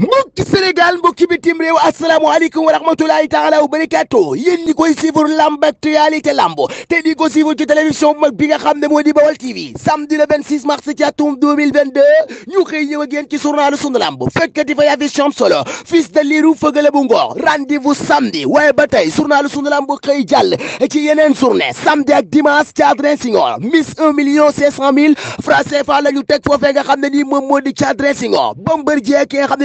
mbokki Sénégal mbokki bitim réew asalaamaaleykum wa rahmatulahi taala wa barakaatu yéen ñi koy suivre lamb actualité lamb te di ko suivre ci télévision bu bi nga xam ne moo di Bawal TV samedi le 26 mars ci atum 2022 ñu xëy ñëw ak yéen ci journalu sunu fekkati fa yafi champ solo fils de liru fëgale bu ngor rendez-vous samedi waaye ba tey journalu sunu lamb xëy jàll ci yeneen journée samedi ak dimanche ci Adrien Senghor miss million 500 mille francs CFA la ñu teg moo nga xam ne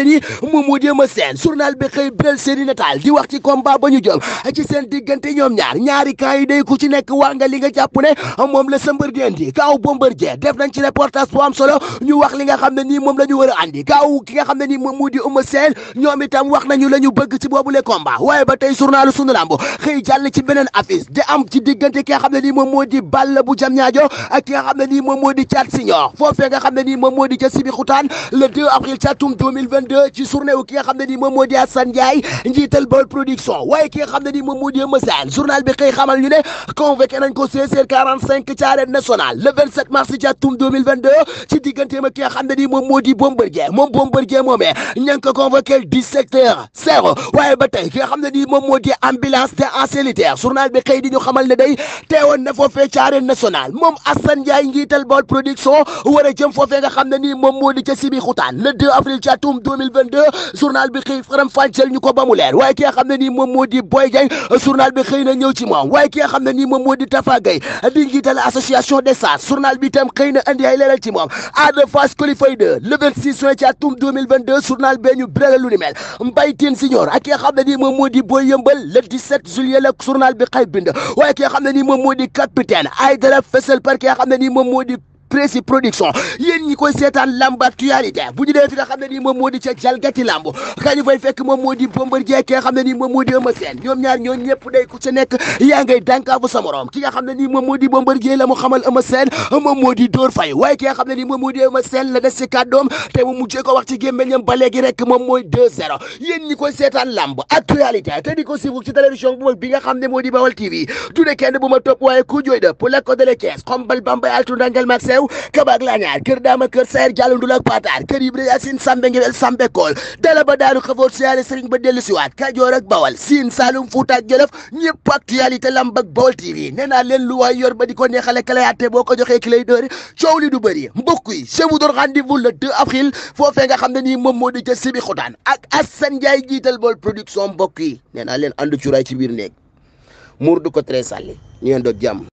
nii Mamadou Diema Sène journal bi xëy bel seeni nataal di wax ci combat ba ñu jëm ci seen diggante ñoom ñaar ñaari camp yi ku ci nekk wax nga li nga jàpp la am solo ñu wax li nga xam ne nii moom a di Eumeu Sène ñoom itam wax nañu la ñu bëgg ci boobu le combat waaye ba tey journalu sunu lamb xëy jàll ci beneen affiche di am ci diggante ki nga ne nii moom di Balla bu Diamniadio ak ki nga ne nii moom moo di Thiat Senior foofee nga xam ne nii moom di ca Sébikotane le 2 avril ca ci journée wu ki xam ne nii moom moo di Assane njiital Baol production waaye ki xam ne nii moom moo di Eumeu Sène journal bi xëy xamal ñu ne convoqué nañ ko 16h45 ci arène nationale le 27 mars di Bombardier moom waaye ba ki xam ne nii moom moo ambulance te en solitaire journal bi xëy di ñu xamal ne day teewoon na foofee ci arène nationale moom Assane njiital Baol production war a jëm foofee xam ne nii moom moo ca Sébikotane le 2 avril 2022 journal bi xëy faram fàcceel ñu ko ba mu leer waaye ki xam ne nii moom moo di Boy Dieng journal bi xëy na ñëw moom moo di Tafa Gueye di njiital association des sages journal bi itam xëy na andi ay ci moom Ada Fass Colifay 2 le 26 juin ci atum 2022 journal bee ñu bërale lu ni mel Mbaye Tine Signor ak ki xam ne nii moom di Boy Yëmbal le 17 juillet la journal bi xëy bind waaye ki xam ne nii moom moo di capitaine Aïdara Fessel par ki xam ne nii moom moo di Prési production yéen ñi koy seetaan lamb actualité bu ñu dee fi nga xam ne nii ci nekk yaa ngay xam ne nii la mu xamal ba léegi rek moom kenn bu ma topp waaye ku jooy dëpp la ko dalee Thiès xombal Bambey altu ndangal mag sew Mbaaw Kabaak Laañaar Kër Daama Kër Sayer Jallo Ndul ak Pataar Kër Ibra Yaasin Sambe Ngewel Sambe Kool Dala ba Daaru Xafoor siyaare Sëriñ ba dellu siwaat Kajoor ak Bawal Siin Saalum Fuuta ak Jolof ñëpp actualité lamb Bawal TV nee naa leen lu waay yor ba di ko neexale kalayaate boo ko joxee ki lay dóori coow li du bëri mbokk yi je vous donne rendez-vous le 2 avril foofee nga xam ne nii moom moo di ca Sibi Xutaan ak Assane Ndiaye jiital Baol Production mbokk yi nee naa leen ànd cuuraay ci biir néeg muur du ko très sàlli ñu ngeen doon jàmm